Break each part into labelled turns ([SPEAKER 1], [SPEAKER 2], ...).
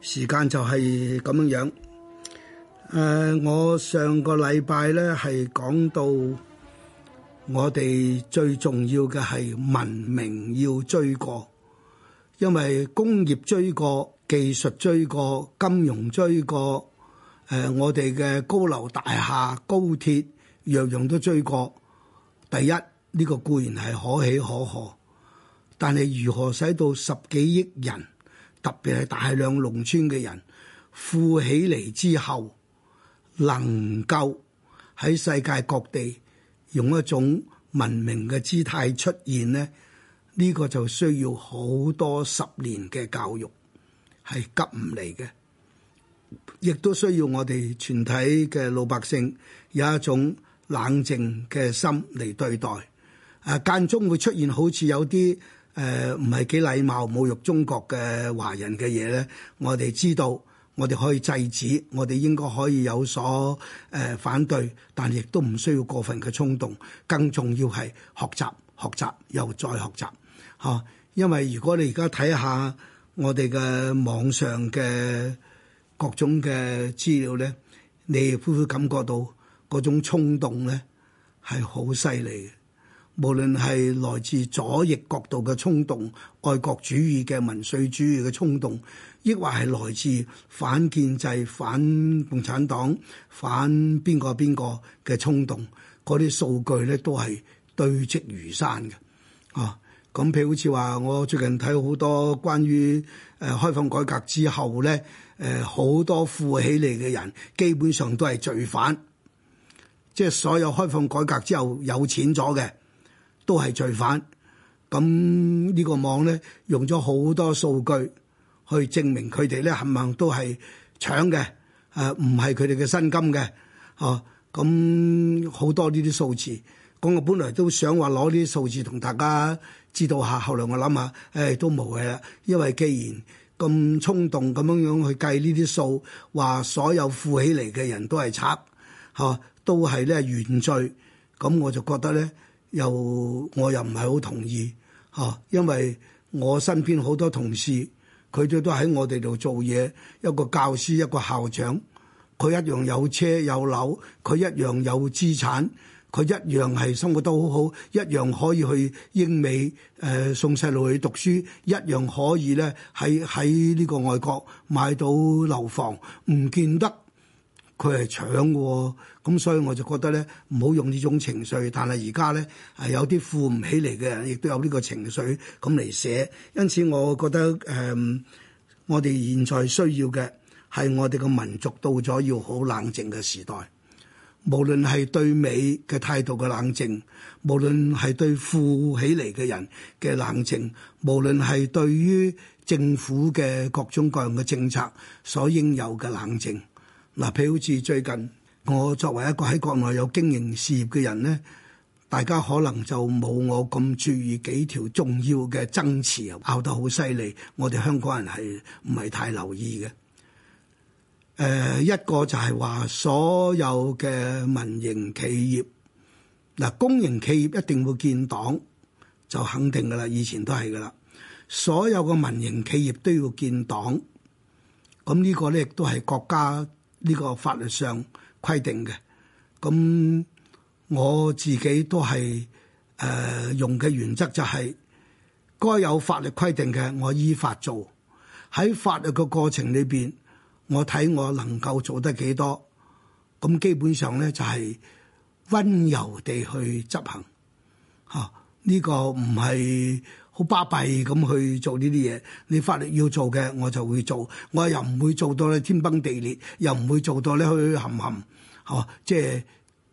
[SPEAKER 1] 時間就係咁樣樣。誒、呃，我上個禮拜咧係講到我哋最重要嘅係文明要追過，因為工業追過，技術追過，金融追過。誒、呃，我哋嘅高樓大廈高鐵樣樣都追過。第一呢、這個固然係可喜可賀，但係如何使到十幾億人？特別係大量農村嘅人富起嚟之後，能夠喺世界各地用一種文明嘅姿態出現咧，呢、呢個就需要好多十年嘅教育，係急唔嚟嘅。亦都需要我哋全體嘅老百姓有一種冷靜嘅心嚟對待。啊，間中會出現好似有啲。誒唔係幾禮貌侮辱中國嘅華人嘅嘢咧，我哋知道，我哋可以制止，我哋應該可以有所誒、呃、反對，但亦都唔需要過分嘅衝動。更重要係學習、學習又再學習嚇、啊，因為如果你而家睇下我哋嘅網上嘅各種嘅資料咧，你會唔會感覺到嗰種衝動咧係好犀利嘅？無論係來自左翼角度嘅衝動、愛國主義嘅民粹主義嘅衝動，抑或係來自反建制、反共產黨、反邊個邊個嘅衝動，嗰啲數據咧都係堆積如山嘅。哦、啊，咁譬如好似話，我最近睇好多關於誒開放改革之後咧，誒好多富起嚟嘅人基本上都係罪犯，即係所有開放改革之後有錢咗嘅。都係罪犯，咁呢個網咧用咗好多數據去證明佢哋咧，冚唪唥都係搶嘅，誒、呃，唔係佢哋嘅薪金嘅，哦，咁好多呢啲數字。咁我本來都想話攞呢啲數字同大家知道下，後嚟我諗下，誒都無謂嘅，因為既然咁衝動咁樣樣去計呢啲數，話所有富起嚟嘅人都係賊，哦，都係咧原罪，咁我就覺得咧。又我又唔係好同意吓、啊，因為我身邊好多同事，佢哋都喺我哋度做嘢，一個教師，一個校長，佢一樣有車有樓，佢一樣有資產，佢一樣係生活都好好，一樣可以去英美誒、呃、送細路去讀書，一樣可以咧，喺喺呢個外國買到樓房，唔見得。佢係搶嘅、哦，咁所以我就覺得咧唔好用呢種情緒。但係而家咧係有啲富唔起嚟嘅人，亦都有呢個情緒咁嚟寫。因此，我覺得誒、呃，我哋現在需要嘅係我哋個民族到咗要好冷靜嘅時代。無論係對美嘅態度嘅冷靜，無論係對富起嚟嘅人嘅冷靜，無論係對於政府嘅各種各樣嘅政策所應有嘅冷靜。嗱，譬如好似最近，我作為一個喺國內有經營事業嘅人咧，大家可能就冇我咁注意幾條重要嘅爭持，拗得好犀利。我哋香港人係唔係太留意嘅？誒、呃、一個就係話所有嘅民營企業嗱，公、呃、營企業一定會建黨就肯定噶啦，以前都係噶啦。所有嘅民營企業都要建黨，咁呢個咧亦都係國家。呢個法律上規定嘅，咁我自己都係誒、呃、用嘅原則就係、是、該有法律規定嘅，我依法做喺法律嘅過程裏邊，我睇我能夠做得幾多，咁基本上咧就係、是、温柔地去執行嚇呢、啊呢個唔係好巴閉咁去做呢啲嘢，你法律要做嘅我就會做，我又唔會做到咧天崩地裂，又唔會做到咧去冚冚，嚇，即係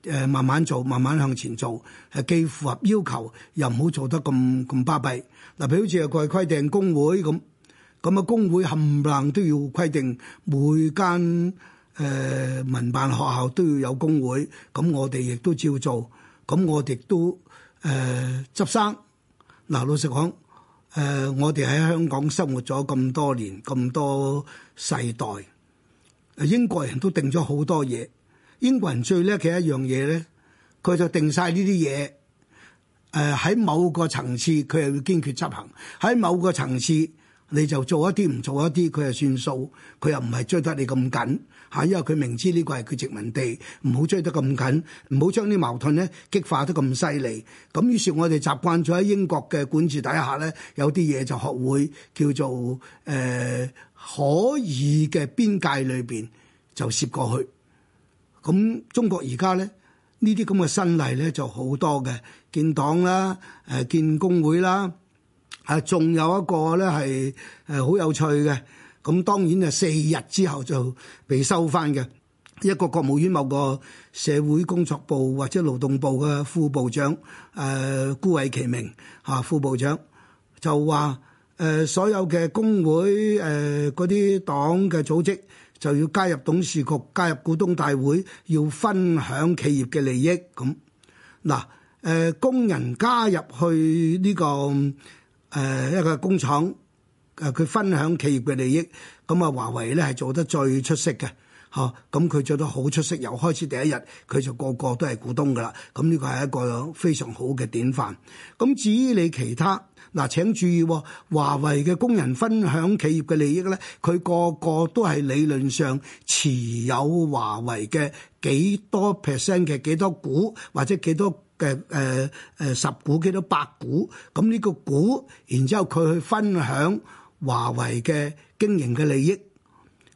[SPEAKER 1] 誒慢慢做，慢慢向前做，係既符合要求，又唔好做得咁咁巴閉。嗱，譬如好似佢規定工會咁，咁啊工會冚唪唥都要規定每間誒民辦學校都要有工會，咁我哋亦都照做，咁我哋都誒執生。嗱，老實講，誒、呃，我哋喺香港生活咗咁多年，咁多世代，英國人都定咗好多嘢。英國人最叻嘅一樣嘢咧，佢就定晒呢啲嘢。誒、呃，喺某個層次佢又要堅決執行；喺某個層次，你就做一啲唔做一啲，佢就算數，佢又唔係追得你咁緊。嚇！因為佢明知呢個係佢殖民地，唔好追得咁緊，唔好將啲矛盾咧激化得咁犀利。咁於是，我哋習慣咗喺英國嘅管治底下咧，有啲嘢就學會叫做誒、呃、可以嘅邊界裏邊就涉過去。咁、嗯、中國而家咧呢啲咁嘅新例咧就好多嘅，建黨啦，誒建工會啦，啊，仲有一個咧係誒好有趣嘅。咁當然啊，四日之後就被收翻嘅一個國務院某個社會工作部或者勞動部嘅副部長，誒、呃、顧偉其名。嚇、啊、副部長就話誒、呃、所有嘅工會誒嗰啲黨嘅組織就要加入董事局，加入股東大會，要分享企業嘅利益。咁嗱誒工人加入去呢、這個誒、呃、一個工廠。誒佢分享企業嘅利益，咁啊華為咧係做得最出色嘅，嚇咁佢做得好出色，由開始第一日佢就個個都係股東㗎喇，咁呢個係一個非常好嘅典範。咁、嗯、至於你其他嗱、呃，請注意，哦、華為嘅工人分享企業嘅利益咧，佢個個都係理論上持有華為嘅幾多 percent 嘅幾多股，或者幾多嘅誒誒十股幾多百股，咁、嗯、呢、呢個股，然之後佢去分享。華為嘅經營嘅利益，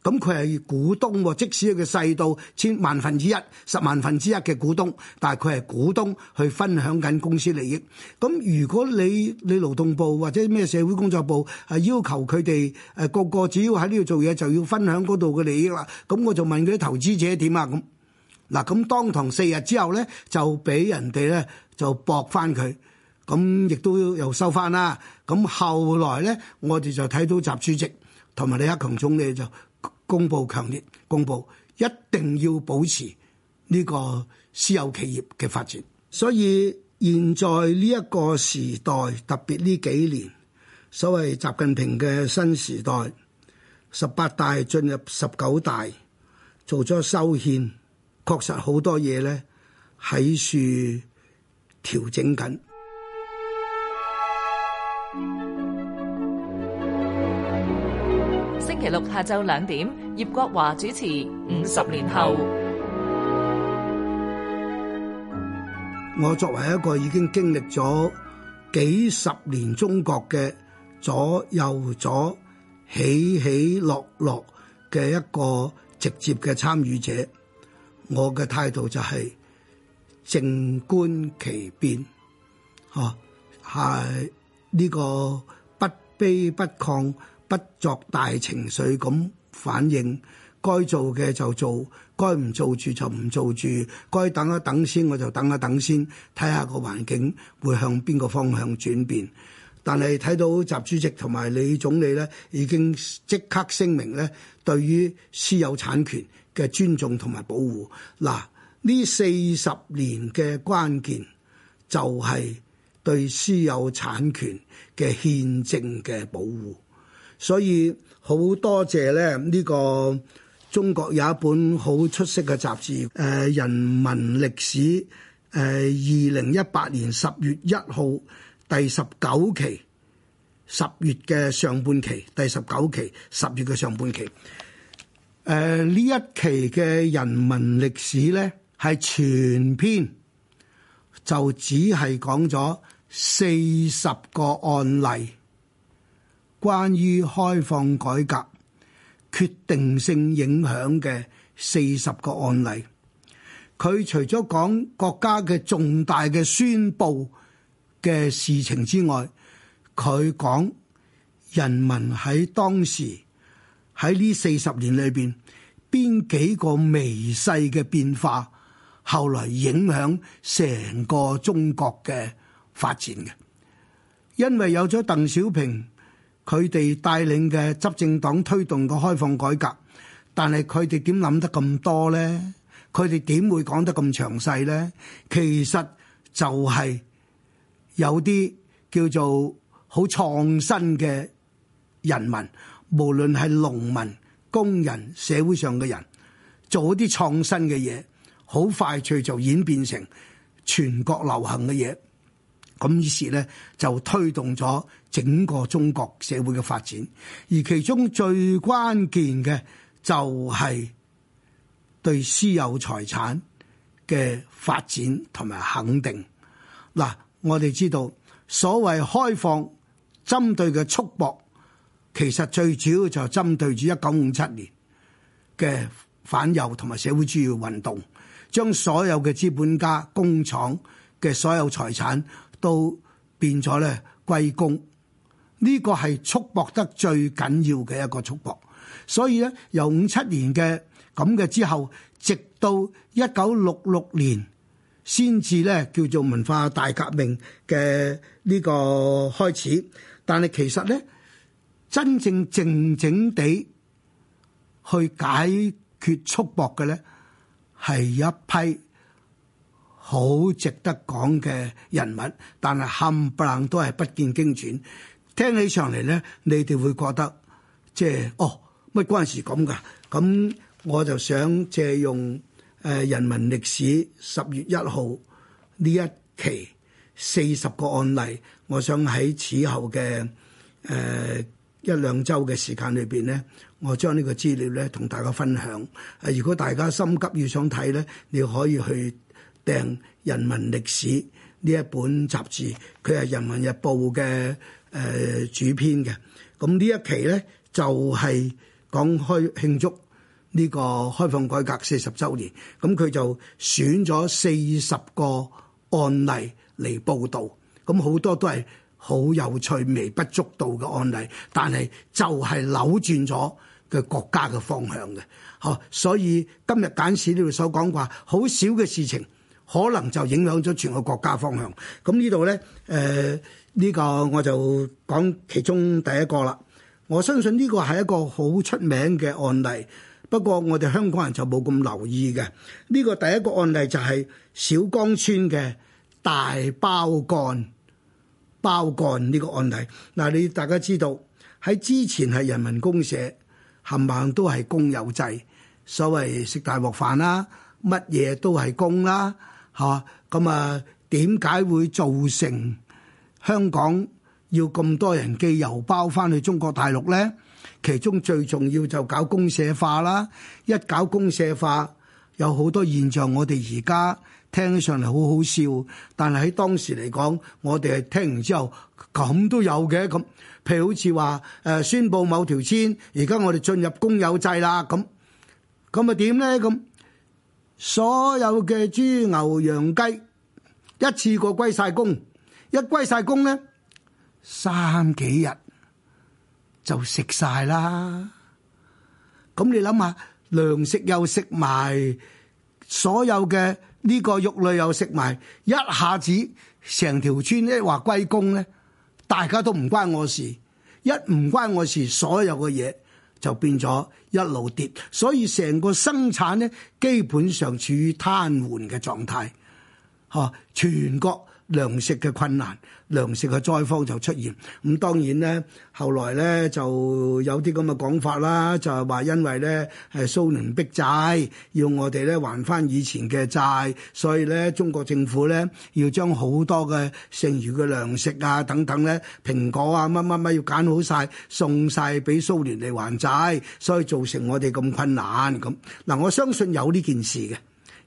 [SPEAKER 1] 咁佢係股東喎。即使佢細到千萬分之一、十萬分之一嘅股東，但係佢係股東去分享緊公司利益。咁如果你你勞動部或者咩社會工作部係、啊、要求佢哋誒個個只要喺呢度做嘢就要分享嗰度嘅利益啦，咁我就問佢啲投資者點啊？咁嗱，咁當堂四日之後咧，就俾人哋咧就駁翻佢。咁亦都又收翻啦。咁後來咧，我哋就睇到習主席同埋李克強總理就公佈強烈公佈，一定要保持呢個私有企業嘅發展。所以現在呢一個時代，特別呢幾年所謂習近平嘅新時代，十八大進入十九大，做咗修憲，確實好多嘢咧喺處調整緊。第六下晝兩點，葉國華主持《五十年後》。我作為一個已經經歷咗幾十年中國嘅左右左起起落落嘅一個直接嘅參與者，我嘅態度就係靜觀其變，吓係呢個不卑不亢，不作大情緒咁反應，該做嘅就做，該唔做住就唔做住，該等一等先，我就等一等先，睇下個環境會向邊個方向轉變。但係睇到習主席同埋李總理咧，已經即刻聲明咧，對於私有產權嘅尊重同埋保護。嗱，呢四十年嘅關鍵就係對私有產權嘅憲政嘅保護。所以好多謝咧呢個中國有一本好出色嘅雜誌，誒、呃《人民歷史》，誒二零一八年十月一號第十九期，十月嘅上半期第十九期，十月嘅上半期。誒呢、呃、一期嘅《人民歷史》呢咧係全篇就只係講咗四十個案例。關於開放改革決定性影響嘅四十個案例，佢除咗講國家嘅重大嘅宣布嘅事情之外，佢講人民喺當時喺呢四十年裏面邊幾個微細嘅變化，後來影響成個中國嘅發展嘅，因為有咗鄧小平。佢哋帶領嘅執政黨推動個開放改革，但係佢哋點諗得咁多咧？佢哋點會講得咁詳細咧？其實就係有啲叫做好創新嘅人民，無論係農民、工人、社會上嘅人，做啲創新嘅嘢，好快脆就演變成全國流行嘅嘢。咁於是咧就推動咗整個中國社會嘅發展，而其中最關鍵嘅就係對私有財產嘅發展同埋肯定。嗱，我哋知道所謂開放針對嘅束縛，其實最主要就針對住一九五七年嘅反右同埋社會主義運動，將所有嘅資本家工廠嘅所有財產。都變咗咧，貴公呢個係束縛得最緊要嘅一個束縛，所以咧由五七年嘅咁嘅之後，直到一九六六年先至咧叫做文化大革命嘅呢個開始，但係其實咧真正靜靜地去解決束縛嘅咧係一批好值得講嘅人物，但係冚唪唥都係不見經傳。聽起上嚟咧，你哋會覺得即係哦，乜嗰陣時咁㗎？咁、嗯、我就想借用誒、呃《人民歷史》十月一號呢一期四十個案例，我想喺此後嘅誒、呃、一兩週嘅時間裏邊咧，我將呢個資料咧同大家分享。誒、呃，如果大家心急要想睇咧，你可以去。《人民歷史》呢一本雜誌，佢係《人民日報》嘅、呃、誒主編嘅。咁呢一期咧就係、是、講開慶祝呢個開放改革四十週年。咁、嗯、佢就選咗四十個案例嚟報導。咁、嗯、好多都係好有趣、微不足道嘅案例，但係就係扭轉咗嘅國家嘅方向嘅。哦，所以今日簡史呢度所講話，好少嘅事情。可能就影響咗全個國家方向。咁、嗯、呢度咧，誒、呃、呢、這個我就講其中第一個啦。我相信呢個係一個好出名嘅案例，不過我哋香港人就冇咁留意嘅。呢、這個第一個案例就係小崗村嘅大包幹。包幹呢個案例。嗱、呃，你大家知道喺之前係人民公社，冚唪唥都係公有制，所謂食大鑊飯啦，乜嘢都係公啦。嚇！咁啊，點解會造成香港要咁多人寄郵包翻去中國大陸咧？其中最重要就搞公社化啦。一搞公社化，有好多現象，我哋而家聽上嚟好好笑，但係喺當時嚟講，我哋係聽完之後咁都有嘅。咁譬如好似話誒，宣布某條村而家我哋進入公有制啦，咁咁咪點咧？咁所有嘅豬牛羊雞一次過歸晒工，一歸晒工咧，三幾日就食晒啦。咁你諗下，糧食又食埋，所有嘅呢個肉類又食埋，一下子成條村一話歸公咧，大家都唔關我事，一唔關我事，所有嘅嘢。就變咗一路跌，所以成個生產咧基本上處於癱瘓嘅狀態吓全國。糧食嘅困難，糧食嘅災荒就出現。咁、嗯、當然咧，後來咧就有啲咁嘅講法啦，就係話因為咧，誒蘇聯逼債，要我哋咧還翻以前嘅債，所以咧中國政府咧要將好多嘅剩餘嘅糧食啊等等咧，蘋果啊乜乜乜要揀好晒，送晒俾蘇聯嚟還債，所以造成我哋咁困難咁。嗱，我相信有呢件事嘅。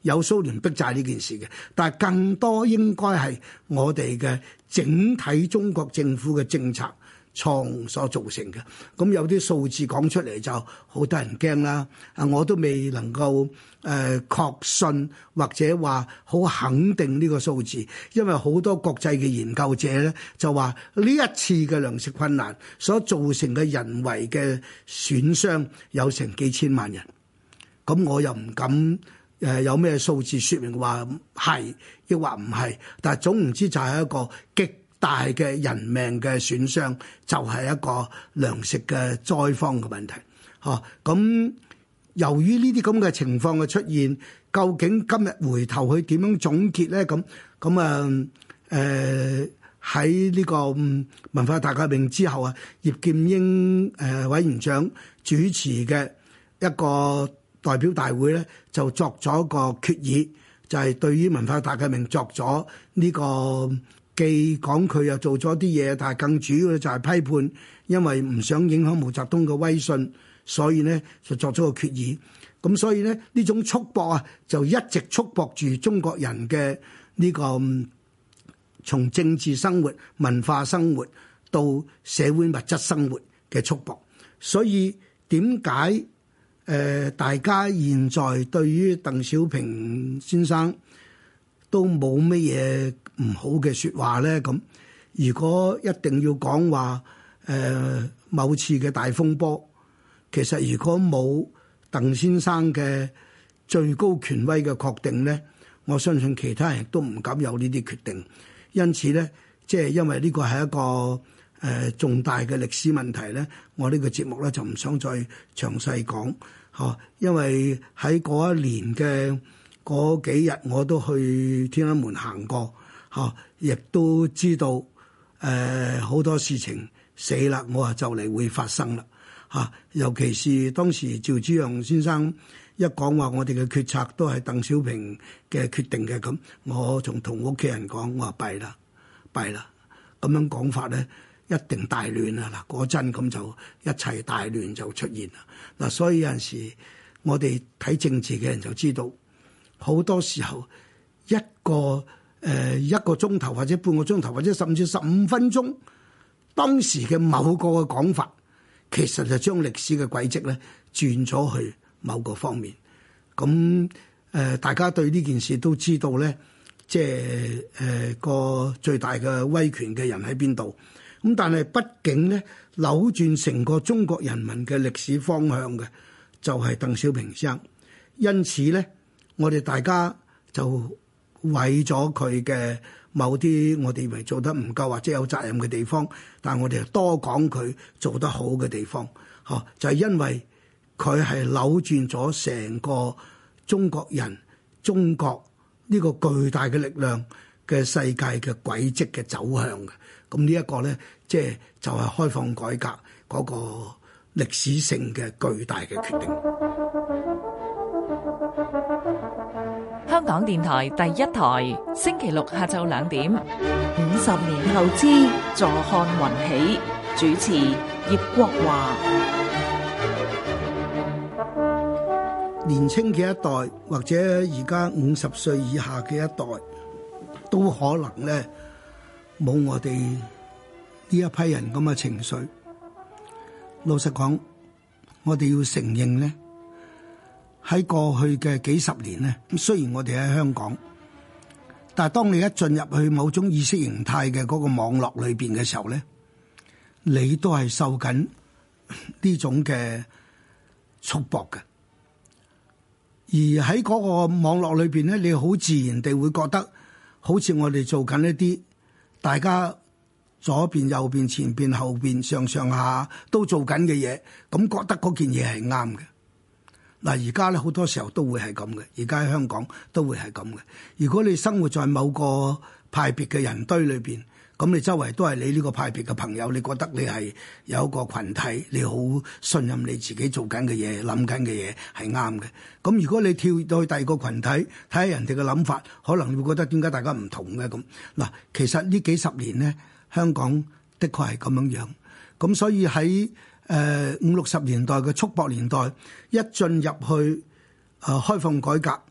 [SPEAKER 1] 有蘇聯逼債呢件事嘅，但係更多應該，係我哋嘅整體中國政府嘅政策錯，所造成嘅。咁、嗯、有啲數字講出嚟就好得人驚啦。啊，我都未能夠誒、呃、確信或者話好肯定呢個數字，因為好多國際嘅研究者咧就話呢一次嘅糧食困難所造成嘅人為嘅損傷有成幾千萬人，咁、嗯、我又唔敢。誒有咩數字説明話係，亦話唔係？但係總唔知就係一個極大嘅人命嘅損傷，就係一個糧食嘅災荒嘅問題。嚇！咁由於呢啲咁嘅情況嘅出現，究竟今日回頭去點樣總結咧？咁咁啊誒喺呢個文化大革命之後啊，葉劍英誒委員長主持嘅一個代表大會咧就作咗個決議，就係對於文化大革命作咗呢個既講佢又做咗啲嘢，但係更主要就係批判，因為唔想影響毛澤東嘅威信，所以咧就作咗個決議。咁所以咧呢種束縛啊，就一直束縛住中國人嘅呢個從政治生活、文化生活到社會物質生活嘅束縛。所以點解？誒，大家現在對於鄧小平先生都冇乜嘢唔好嘅説話咧。咁如果一定要講話誒某次嘅大風波，其實如果冇鄧先生嘅最高權威嘅確定咧，我相信其他人都唔敢有呢啲決定。因此咧，即係因為呢個係一個。誒重大嘅歷史問題咧，我呢個節目咧就唔想再詳細講，嚇，因為喺嗰一年嘅嗰幾日，我都去天安門行過，嚇，亦都知道誒好、呃、多事情死啦，我話就嚟會發生啦，嚇，尤其是當時趙紫陽先生一講話我哋嘅決策都係鄧小平嘅決定嘅咁，我仲同屋企人講，我話弊啦，弊啦，咁樣講法咧。一定大亂啊！嗱，嗰陣咁就一切大亂就出現啦。嗱，所以有陣時我哋睇政治嘅人就知道，好多時候一個誒、呃、一個鐘頭或者半個鐘頭或者甚至十五分鐘，當時嘅某個嘅講法，其實就將歷史嘅軌跡咧轉咗去某個方面。咁誒、呃，大家對呢件事都知道咧，即係誒個最大嘅威權嘅人喺邊度？咁但係，畢竟咧扭轉成個中國人民嘅歷史方向嘅，就係鄧小平先生。因此咧，我哋大家就毀咗佢嘅某啲我哋認為做得唔夠或者有責任嘅地方，但係我哋多講佢做得好嘅地方，嗬，就係因為佢係扭轉咗成個中國人、中國呢個巨大嘅力量嘅世界嘅軌跡嘅走向嘅。咁呢一個咧，即係就係開放改革嗰個歷史性嘅巨大嘅決定。香港電台第一台，星期六下晝兩點，五十年後知，坐看雲起。主持葉國華，年青嘅一代或者而家五十歲以下嘅一代，都可能咧，冇我哋呢一批人咁嘅情緒。老實講，我哋要承認咧，喺過去嘅幾十年咧，咁雖然我哋喺香港，但係當你一進入去某種意識形態嘅嗰個網絡裏邊嘅時候咧，你都係受緊呢種嘅束縛嘅。而喺嗰個網絡裏邊咧，你好自然地會覺得，好似我哋做緊一啲。大家左邊、右邊、前邊、後邊、上上下都做緊嘅嘢，咁覺得嗰件嘢係啱嘅。嗱，而家咧，好多時候都會係咁嘅，而家喺香港都會係咁嘅。如果你生活在某個派別嘅人堆裏邊。咁你周圍都係你呢個派別嘅朋友，你覺得你係有一個羣體，你好信任你自己做緊嘅嘢、諗緊嘅嘢係啱嘅。咁如果你跳到去第二個羣體，睇下人哋嘅諗法，可能會覺得點解大家唔同嘅咁嗱。其實呢幾十年咧，香港的確係咁樣樣。咁所以喺誒五六十年代嘅束縛年代，一進入去誒開放改革，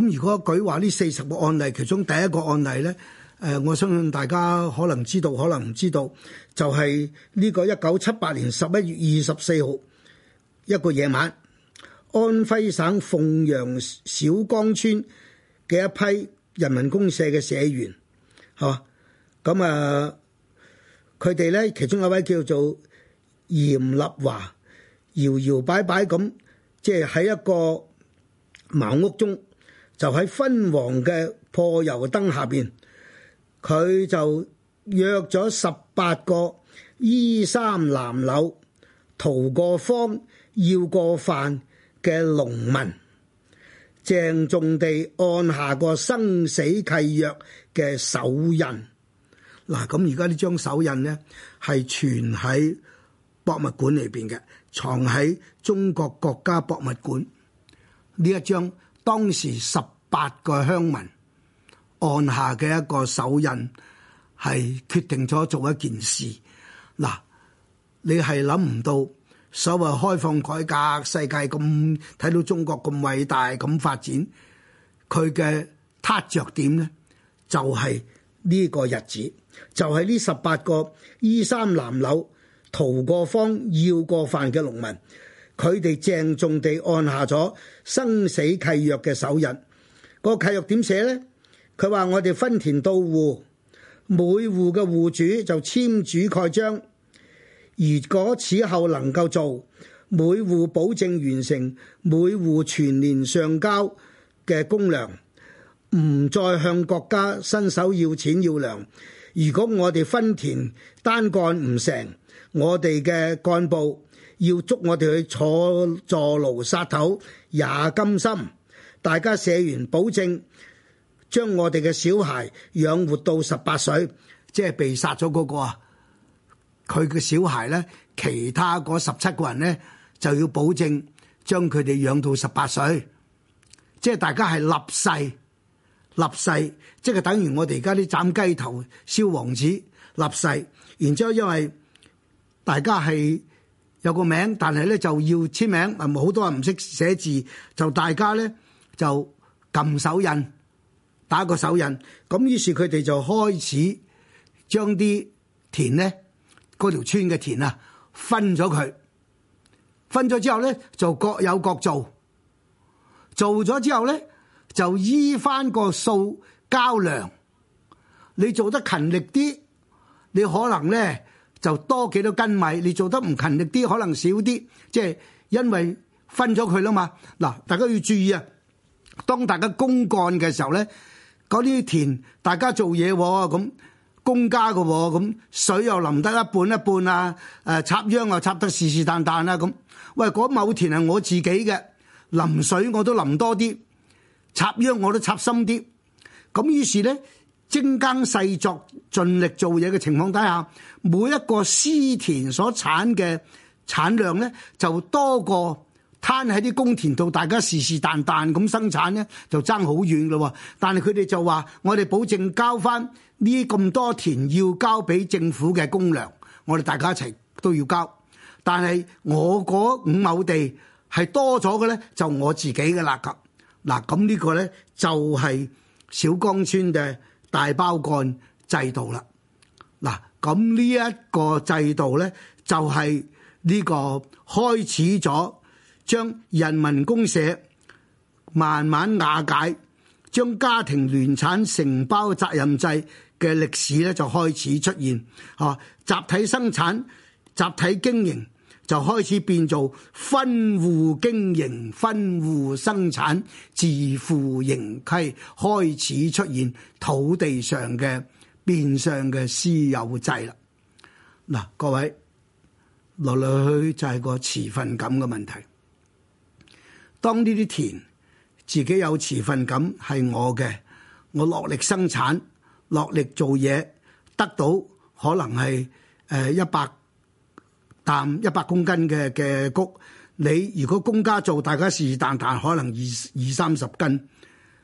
[SPEAKER 1] 咁如果舉話呢四十個案例，其中第一個案例咧。誒，我相信大家可能知道，可能唔知道，就係、是、呢個一九七八年十一月二十四號一個夜晚，安徽省鳳陽小崗村嘅一批人民公社嘅社員，嚇咁、嗯、啊！佢哋咧，其中一位叫做嚴立華搖搖擺擺，咁，即係喺一個茅屋中，就喺昏黃嘅破油燈下邊。佢就約咗十八個衣衫襤褸逃過荒、要過飯嘅農民，鄭重地按下個生死契約嘅手印。嗱，咁而家呢張手印咧，係存喺博物館裏邊嘅，藏喺中國國家博物館呢一張當時十八個鄉民按下嘅一個手印，係決定咗做一件事。嗱，你係諗唔到所謂開放改革世界咁睇到中國咁偉大咁發展，佢嘅塌著點咧，就係呢個日子，就係呢十八個衣衫襤褸、逃過荒、要過飯嘅農民，佢哋鄭重地按下咗生死契約嘅手印。個契約點寫咧？佢話我哋分田到戶，每戶嘅戶主就簽主蓋章。如果此後能夠做，每戶保證完成每戶全年上交嘅公糧，唔再向國家伸手要錢要糧。如果我哋分田單幹唔成，我哋嘅幹部要捉我哋去坐坐牢殺頭也甘心。大家寫完保證。將我哋嘅小孩養活到十八歲，即係被殺咗嗰、那個啊！佢嘅小孩咧，其他嗰十七個人咧就要保證將佢哋養到十八歲，即係大家係立誓，立誓，即係等於我哋而家啲斬雞頭燒黃紙。立誓。然之後因為大家係有個名，但係咧就要簽名，係咪？好多人唔識寫字，就大家咧就撳手印。打個手印，咁於是佢哋就開始將啲田咧，嗰條村嘅田啊，分咗佢。分咗之後咧，就各有各做。做咗之後咧，就依翻個數交糧。你做得勤力啲，你可能咧就多幾多斤米；你做得唔勤力啲，可能少啲。即係因為分咗佢啦嘛。嗱，大家要注意啊！當大家公幹嘅時候咧。嗰啲田大家做嘢喎，咁公家嘅喎，咁水又淋得一半一半啊，誒、呃、插秧又插得是是但但啦。咁喂嗰畝田係我自己嘅，淋水我都淋多啲，插秧我都插深啲，咁於是咧精耕細作、盡力做嘢嘅情況底下，每一個私田所產嘅產量咧就多過。攤喺啲公田度，大家是是但但咁生產咧，就爭好遠咯。但係佢哋就話：我哋保證交翻呢咁多田要交俾政府嘅公糧，我哋大家一齊都要交。但係我嗰五畝地係多咗嘅咧，就我自己嘅垃圾。嗱，咁呢個咧就係小崗村嘅大包幹制度啦。嗱，咁呢一個制度咧就係呢個開始咗。將人民公社慢慢瓦解，將家庭聯產承包責任制嘅歷史咧就開始出現。啊，集體生產、集體經營就開始變做分戶經營、分戶生產，自負盈虧開始出現。土地上嘅變相嘅私有制啦。嗱，各位來來去就係、是、個持份感嘅問題。當呢啲田自己有持份感，係我嘅，我落力生產，落力做嘢，得到可能係誒一百擔一百公斤嘅嘅穀。你如果公家做，大家是是但但，可能二二三十斤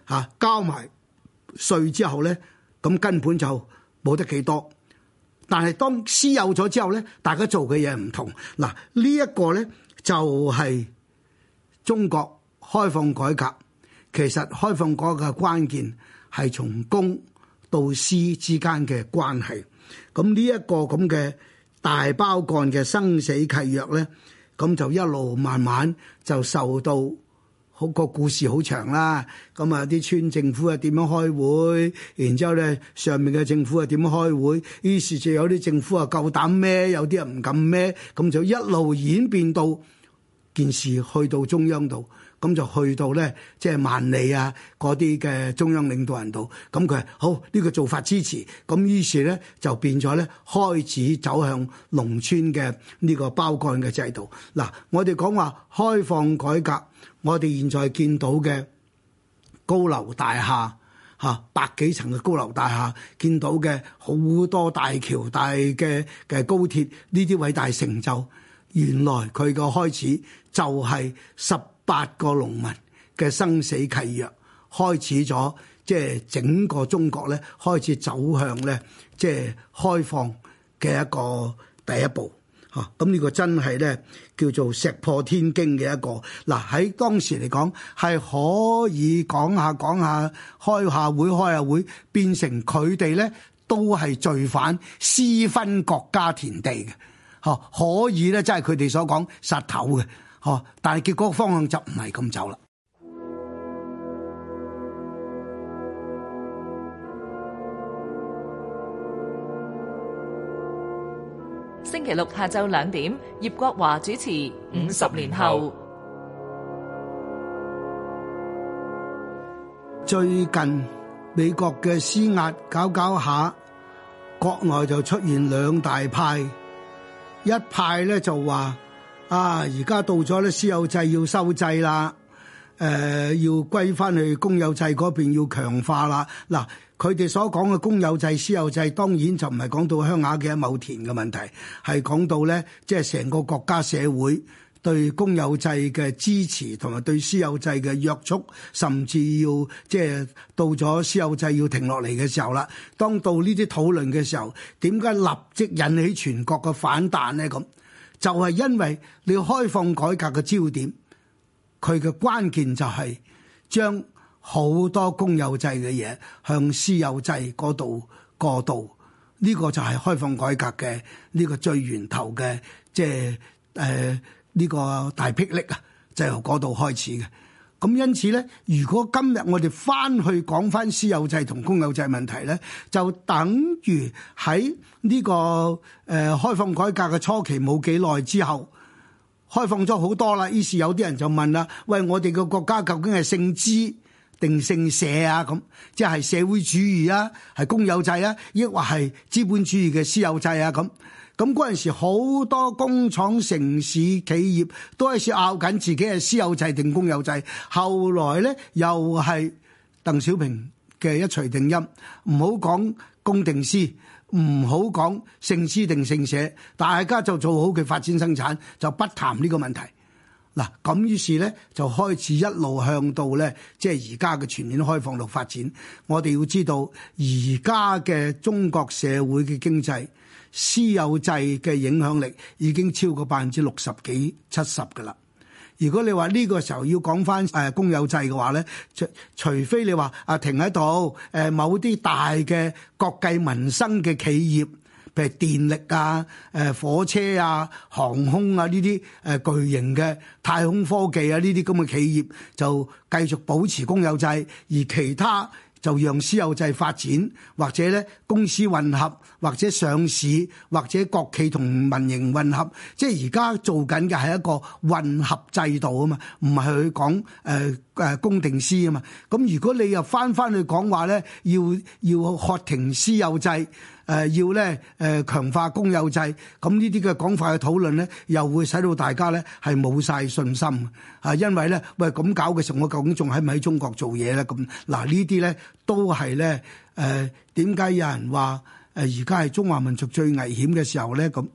[SPEAKER 1] 吓，啊，交埋稅之後咧，咁根本就冇得幾多。但係當私有咗之後咧，大家做嘅嘢唔同。嗱，這個，呢一個咧就係，是。中國開放改革，其實開放改革嘅關鍵係從公到私之間嘅關係。咁呢一個咁嘅大包幹嘅生死契約咧，咁就一路慢慢就受到好，好個故事好長啦。咁啊，啲村政府啊點樣開會，然之後咧上面嘅政府啊點樣開會，於是就有啲政府啊夠膽孭，有啲人唔敢孭，咁就一路演變到。件事去到中央度，咁就去到咧，即係萬里啊嗰啲嘅中央領導人度，咁佢話好，呢個做法支持，咁於是咧就變咗咧開始走向農村嘅呢個包幹嘅制度。嗱，我哋講話開放改革，我哋現在見到嘅高樓大廈嚇、啊、百幾層嘅高樓大廈，見到嘅好多大橋大嘅嘅高鐵呢啲偉大成就。原來佢個開始就係十八個農民嘅生死契約開始咗，即係整個中國咧開始走向咧即係開放嘅一個第一步。嚇，咁呢個真係咧叫做石破天驚嘅一個。嗱，喺當時嚟講係可以講下講下開下會開下會，變成佢哋咧都係罪犯私分國家田地嘅。哦，可以咧，即係佢哋所講殺頭嘅，哦，但係結果方向就唔係咁走啦。星期六下晝兩點，葉國華主持《五十年後》年後。最近美國嘅施壓搞搞下，國內就出現兩大派。一派咧就話，啊，而家到咗咧私有制要收制啦，誒、呃，要歸翻去公有制嗰邊要強化啦。嗱，佢哋所講嘅公有制、私有制，當然就唔係講到鄉下嘅某田嘅問題，係講到咧，即係成個國家社會。對公有制嘅支持同埋對私有制嘅約束，甚至要即係、就是、到咗私有制要停落嚟嘅時候啦。當到呢啲討論嘅時候，點解立即引起全國嘅反彈咧？咁就係、是、因為你要開放改革嘅焦點，佢嘅關鍵就係將好多公有制嘅嘢向私有制嗰度過渡。呢、這個就係開放改革嘅呢、這個最源頭嘅即係誒。呃呢個大霹靂啊，就由嗰度開始嘅。咁因此咧，如果今日我哋翻去講翻私有制同公有制問題咧，就等於喺呢、這個誒、呃、開放改革嘅初期冇幾耐之後，開放咗好多啦。於是有啲人就問啦，喂，我哋個國家究竟係姓資定姓社啊？咁即係社會主義啊，係公有制啊，抑或係資本主義嘅私有制啊？咁咁嗰陣時，好多工廠、城市企業都係試拗緊自己嘅私有制定公有制。後來咧，又係鄧小平嘅一錘定音，唔好講公定私，唔好講姓私定姓社，大家就做好佢發展生產，就不談呢個問題。嗱，咁於是咧就開始一路向到咧，即係而家嘅全面開放度發展。我哋要知道，而家嘅中國社會嘅經濟。私有制嘅影響力已經超過百分之六十幾七十㗎啦。如果你話呢個時候要講翻誒公有制嘅話咧，除除非你話啊，停喺度誒某啲大嘅國計民生嘅企業，譬如電力啊、誒火車啊、航空啊呢啲誒巨型嘅太空科技啊呢啲咁嘅企業，就繼續保持公有制，而其他就讓私有制發展，或者咧公司混合。或者上市，或者國企同民營混合，即係而家做緊嘅係一個混合制度啊嘛，唔係去講誒誒公定私啊嘛。咁如果你又翻翻去講話咧，要要喝停私有制，誒、呃、要咧誒強化公有制，咁呢啲嘅講法嘅討論咧，又會使到大家咧係冇晒信心啊，因為咧喂咁搞嘅時候，我究竟仲喺唔喺中國做嘢咧？咁嗱呢啲咧都係咧誒，點、呃、解有人話？誒而家係中華民族最危險嘅時候咧，咁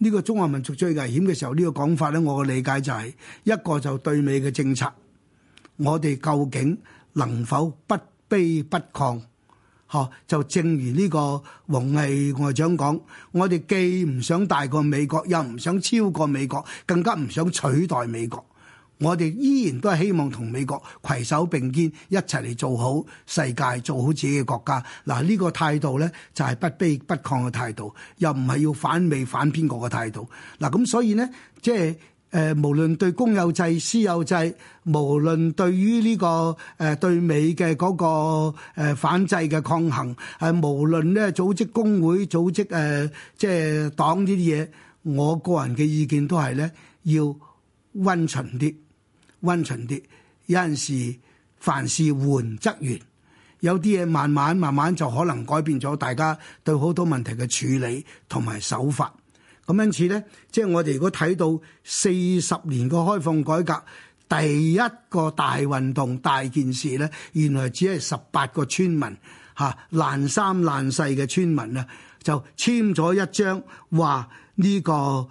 [SPEAKER 1] 呢個中華民族最危險嘅時候呢個講法咧，我嘅理解就係一個就對美嘅政策，我哋究竟能否不卑不亢？嚇，就正如呢個王毅外長講，我哋既唔想大過美國，又唔想超過美國，更加唔想取代美國。我哋依然都係希望同美國攜手並肩，一齊嚟做好世界，做好自己嘅國家。嗱，這個、態呢個態度咧就係、是、不卑不亢嘅態度，又唔係要反美反邊個嘅態度。嗱，咁所以呢，即係誒、呃，無論對公有制、私有制，無論對於呢、這個誒、呃、對美嘅嗰個反制嘅抗衡，誒、呃，無論咧組織工會、組織誒、呃、即係黨啲嘢，我個人嘅意見都係咧要温馴啲。温馴啲，有陣時凡事緩則圓，有啲嘢慢慢慢慢就可能改變咗大家對好多問題嘅處理同埋手法。咁因此咧，即係我哋如果睇到四十年嘅開放改革第一個大運動大件事咧，原來只係十八個村民嚇爛、啊、三爛四嘅村民啊，就簽咗一張話呢、呢個。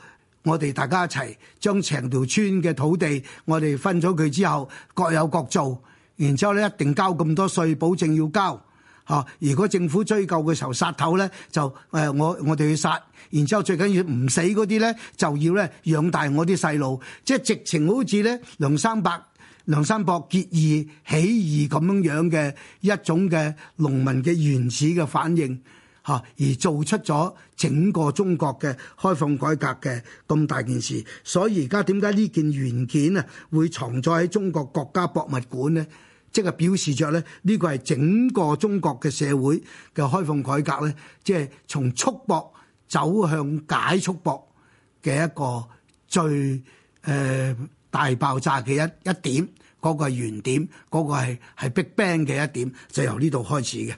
[SPEAKER 1] 我哋大家一齊將成條村嘅土地，我哋分咗佢之後，各有各做。然之後咧，一定交咁多稅，保證要交。嚇、啊！如果政府追究嘅時候殺頭咧，就誒、呃、我我哋去殺。然之後最緊要唔死嗰啲咧，就要咧養大我啲細路。即係直情好似咧梁山泊、梁山泊結義起義咁樣樣嘅一種嘅農民嘅原始嘅反應。嚇！而做出咗整個中國嘅開放改革嘅咁大件事，所以而家點解呢件原件啊會藏在喺中國國家博物館咧？即係表示着咧，呢、這個係整個中國嘅社會嘅開放改革咧，即係從束縛走向解束縛嘅一個最誒、呃、大爆炸嘅一一點，嗰、那個原點，嗰、那個係 Big Bang 嘅一點，就由呢度開始嘅。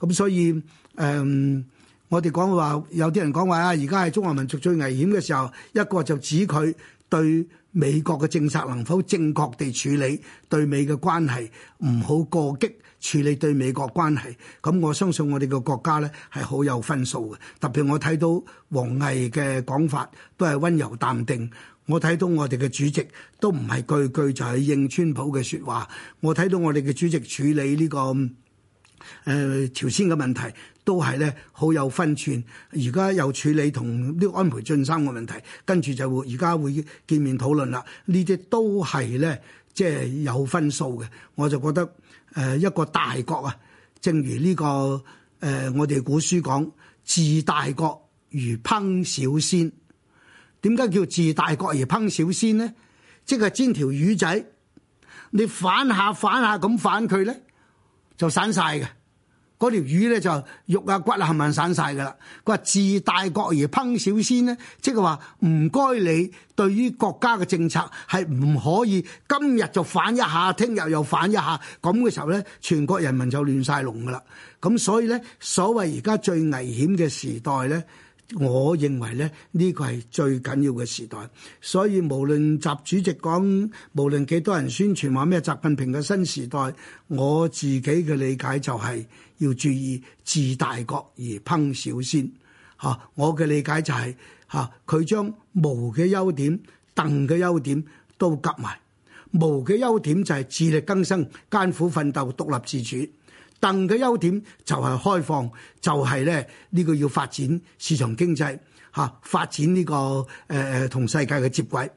[SPEAKER 1] 咁所以。誒，um, 我哋講話有啲人講話啊，而家係中華民族最危險嘅時候。一個就指佢對美國嘅政策能否正確地處理對美嘅關係，唔好過激處理對美國關係。咁我相信我哋嘅國家咧係好有分數嘅。特別我睇到王毅嘅講法都係溫柔淡定。我睇到我哋嘅主席都唔係句句就係應川普嘅説話。我睇到我哋嘅主席處理呢、這個誒、呃、朝鮮嘅問題。都係咧，好有分寸。而家又處理同啲安倍晉三嘅問題，跟住就會而家會見面討論啦。呢啲都係咧，即係有分數嘅。我就覺得誒一個大國啊，正如呢、這個誒、呃、我哋古書講，治大國如烹小鮮。點解叫治大國而烹小鮮呢？即係煎條魚仔，你反下反下咁反佢咧，就散晒嘅。嗰條魚咧就肉啊骨啊冚唪唥散晒噶啦。佢話自大國而烹小仙呢，即係話唔該你對於國家嘅政策係唔可以今日就反一下，聽日又反一下。咁嘅時候咧，全國人民就亂晒龍噶啦。咁所以咧，所謂而家最危險嘅時代咧，我認為咧呢個係最緊要嘅時代。所以無論習主席講，無論幾多人宣傳話咩習近平嘅新時代，我自己嘅理解就係、是。要注意治大國而烹小鮮。嚇、啊，我嘅理解就係、是、嚇，佢將毛嘅優點、鄧嘅優點都夾埋。毛嘅優點就係自力更生、艱苦奮鬥、獨立自主；鄧嘅優點就係開放，就係、是、咧呢、這個要發展市場經濟，嚇、啊、發展呢、這個誒誒同世界嘅接軌。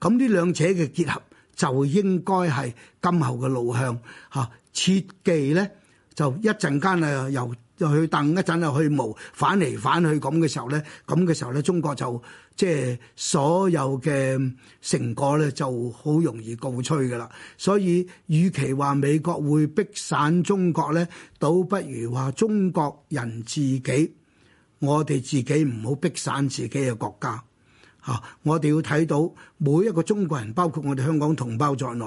[SPEAKER 1] 咁呢兩者嘅結合就應該係今後嘅路向。嚇、啊，切記咧。就一陣間啊，又又去掟一陣啊，去摸反嚟反去，咁嘅時候咧，咁嘅時候咧，中國就即係所有嘅成果咧，就好容易告吹噶啦。所以，與其話美國會逼散中國咧，倒不如話中國人自己，我哋自己唔好逼散自己嘅國家。嚇，我哋要睇到每一個中國人，包括我哋香港同胞在內，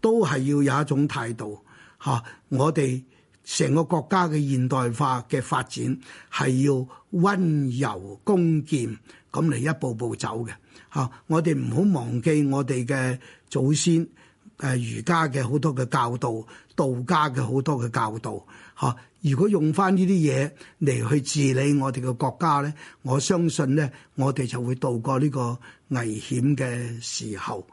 [SPEAKER 1] 都係要有一種態度。嚇，我哋。成個國家嘅現代化嘅發展係要溫柔恭儉咁嚟一步步走嘅嚇，啊，我哋唔好忘記我哋嘅祖先誒儒家嘅好多嘅教導，道家嘅好多嘅教導嚇，啊。如果用返呢啲嘢嚟去治理我哋嘅國家咧，我相信咧我哋就會度過呢個危險嘅時候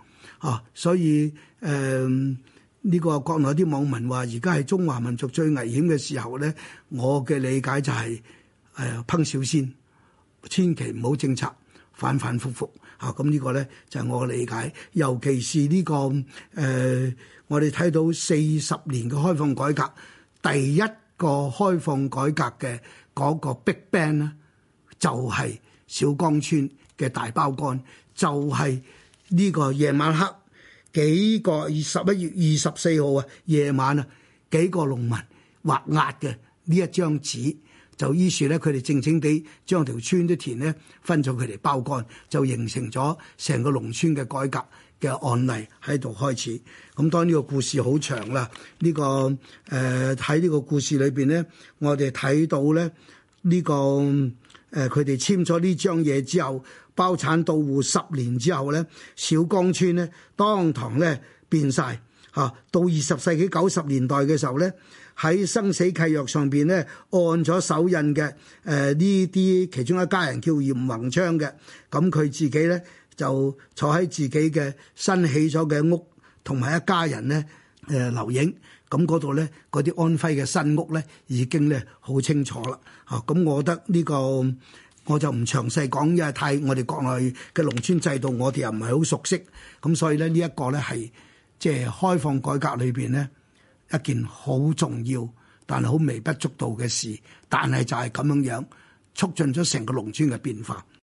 [SPEAKER 1] 嚇，啊。所以誒。呃呢個國內啲網民話：而家係中華民族最危險嘅時候咧，我嘅理解就係、是、誒、呃、烹小鮮，千祈唔好政策反反覆覆嚇。咁、啊這個、呢個咧就係、是、我嘅理解。尤其是呢、這個誒、呃，我哋睇到四十年嘅開放改革，第一個開放改革嘅嗰個 big bang 咧，就係、是、小崗村嘅大包乾，就係、是、呢個夜晚黑。幾個十一月二十四號啊夜晚啊，幾個農民畫押嘅呢一張紙，就於是咧，佢哋靜靜地將條村啲田咧分咗佢哋包幹，就形成咗成個農村嘅改革嘅案例喺度開始。咁、嗯、當呢個故事好長啦，呢、這個誒喺呢個故事裏邊咧，我哋睇到咧呢、這個誒佢哋簽咗呢張嘢之後。包產到戶十年之後咧，小崗村咧當堂咧變晒。嚇。到二十世紀九十年代嘅時候咧，喺生死契約上邊咧按咗手印嘅誒呢啲其中一家人叫嚴宏昌嘅，咁佢自己咧就坐喺自己嘅新起咗嘅屋同埋一家人咧誒、呃、留影。咁嗰度咧嗰啲安徽嘅新屋咧已經咧好清楚啦嚇。咁、啊、我覺得呢、呢個。我就唔詳細講，因為太我哋國內嘅農村制度，我哋又唔係好熟悉，咁所以咧呢一個咧係即係開放改革裏邊咧一件好重要但係好微不足道嘅事，但係就係咁樣樣促進咗成個農村嘅變化。